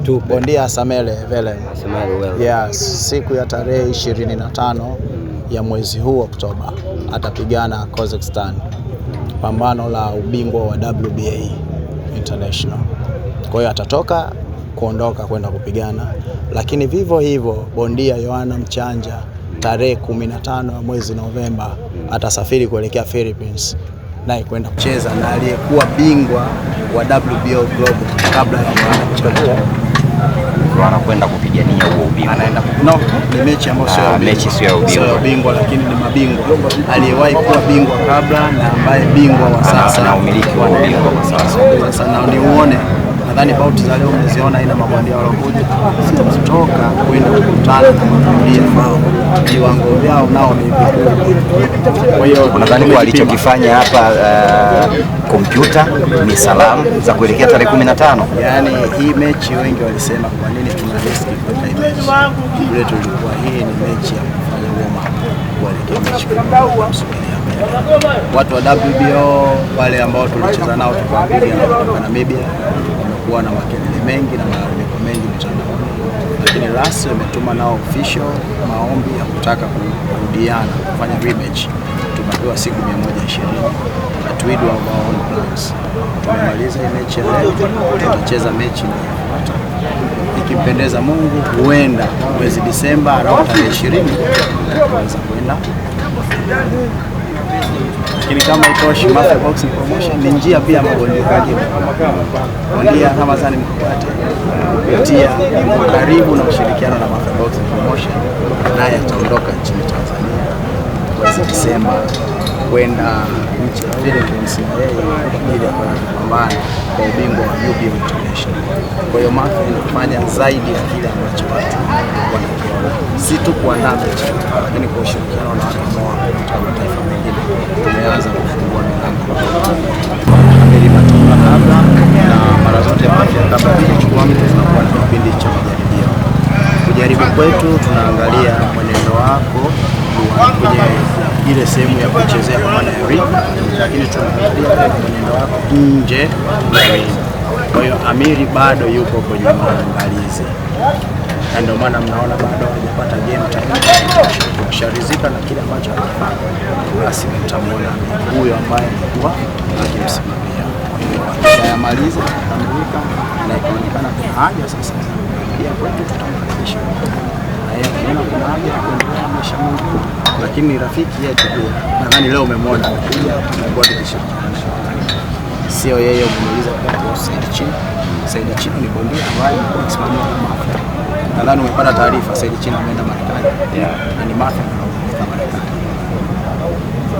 Bondia Samele vele. Yes, siku ya tarehe 25 ya mwezi huu Oktoba atapigana Kazakhstan pambano la ubingwa wa WBA International. Kwa hiyo atatoka kuondoka kwenda kupigana, lakini vivyo hivyo bondia Yohana Mchanja tarehe 15 ya mwezi Novemba atasafiri kuelekea Philippines naye kwenda kucheza na aliyekuwa bingwa wa WBO Global kabla ya wanakwenda kupigania huo ubingwa. Anaenda no, ni mechi ambayo sio ah, mechi, sio ya ubingwa ubingwa, lakini ni mabingwa, aliyewahi kuwa bingwa kabla na ambaye bingwa wa sasa na umiliki wa ubingwa kwa sasa. Sasa na niuone nadhani bauti za leo mmeziona, ina mabondia waliokuja kutoka kwenda kukutana na mabondia viwango vyao nao ni vikubwa. kwa hiyo nadhani kwa alichokifanya hapa uh, kompyuta ni salamu za kuelekea tarehe kumi na tano. yani hii mechi wengi walisema kwa nini tuna risk hii mechi kule, tulikuwa, hii ni mechi ya kufanya wema kuelekea mechi watu wa WBO wale ambao tulicheza nao tukawapiga na Namibia kuwa na makelele mengi na malalamiko mengi mtandaoni, lakini RAS wametuma nao official maombi ya kutaka kurudiana kufanya rematch. Tumepewa siku 120 na Twidu ambao plans. Tumemaliza hii mechi ya leo, tutacheza mechi inayofuata ikimpendeza Mungu, huenda mwezi Disemba au tarehe 20 tunaweza kwenda lakini kama itoshi, Mafia Boxing Promotion ni njia pia ya magonjwa kali, ndia kama sana mkupata kupitia karibu na ushirikiano na Mafia Boxing Promotion, naye ataondoka nchini Tanzania mwezi Desemba kwenda nchi ya Philippines kwa ajili ya kwenda kupambana kwa ubingwa wa UBM International. Kwa hiyo Mafia inafanya zaidi ya kile ambacho watu wanakiona, si tu kuandaa mechi lakini kwa ushirikiano na watu wa mataifa mengine. Ukijaribu kwetu tunaangalia mwenendo wako kwenye ile sehemu ya kuchezea kwa maana ya ring, lakini tunaangalia mwenendo wako nje ya ring. Kwa hiyo Amiri bado yuko kwenye maangalizi, na ndio maana mnaona bado hajapata game time. kusharizika na kile ambacho anafanya, basi mtamwona huyo ambaye alikuwa akimsimamia. Kwa hiyo akishamaliza atambulika na ikaonekana kuna haja sasa wengi tutamkaribisha. Naona kuna haja ya kuendelea maisha Mungu, lakini rafiki yetu nadhani leo umemwona amekuja, tumekuwa tukishirikiana, sio yeye kumuuliza Said Chino. Said Chino ni bondia ambaye amekuwa akisimamia kama Afrika. Nadhani umepata taarifa, Said Chino ameenda Marekani na ni Martha anaondoka Marekani.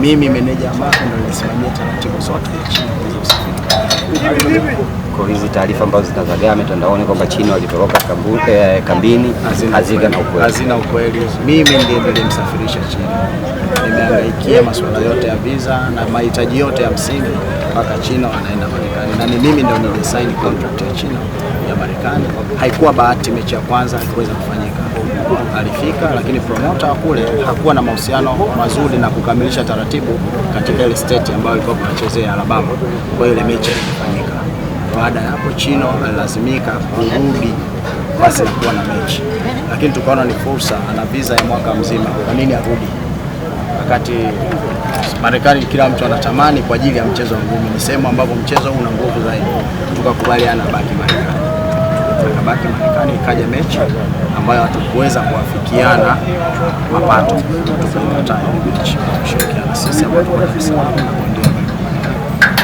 Mimi meneja ambaye ndo nisimamia taratibu zote chini ya usafiri kwa hizi taarifa ambazo zinazagaa mitandaoni kwamba chini walitoroka eh, kambini hazina na ukweli. Hazina ukweli. Mimi ndiye nilimsafirisha chini, nimehangaikia eh. masuala yote ya visa na mahitaji yote ya msingi mpaka China wanaenda Marekani, na ni mimi ndio nilisaini contract ya China ya Marekani. Haikuwa bahati, mechi ya kwanza haikuweza kufanyika, alifika lakini promoter wa kule hakuwa na mahusiano mazuri na kukamilisha taratibu katika ile state ambayo ilikuwa kunachezea Alabama, kwa ile mechi ilifanyika. Baada ya hapo, Chino alilazimika kurudi basi kuwa na mechi, lakini tukaona ni fursa, ana visa ya mwaka mzima, kwa nini arudi wakati Marekani kila mtu anatamani kwa ajili ya mchezo wa ngumi, ni sehemu ambapo mchezo huu una nguvu zaidi. Tukakubaliana baki Marekani, akabaki Marekani. Ikaja mechi ambayo hatukuweza kuafikiana mapato, tukapata mechi kushirikiana sisi ambao tulikuwa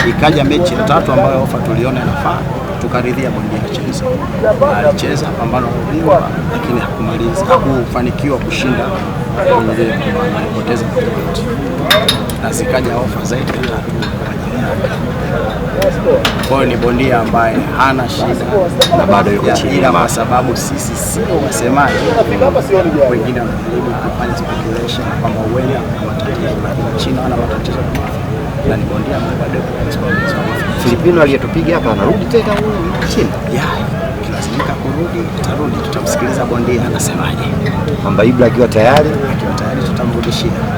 ikaja mechi ya tatu ambayo ofa tuliona inafaa tukaridhia bondia acheze. Alicheza pambano kubwa, lakini hakumaliza, hakufanikiwa kushinda, alipoteza na zikaja ofa zaidi ya tatu. Kwa ni bondia ambaye hana shida na bado yuko chini, ila kwa sababu sisi si wasemaji, wengine wanajaribu kufanya speculation kwamba lakini China wana matatizo ni Bondia ambaye bado Filipino aliyetupiga hapa anarudi tena chini. ya kilazimika kurudi, tutarudi tutamsikiliza Bondia anasemaje. Kwamba Ibra akiwa tayari, akiwa tayari tutamrudishia.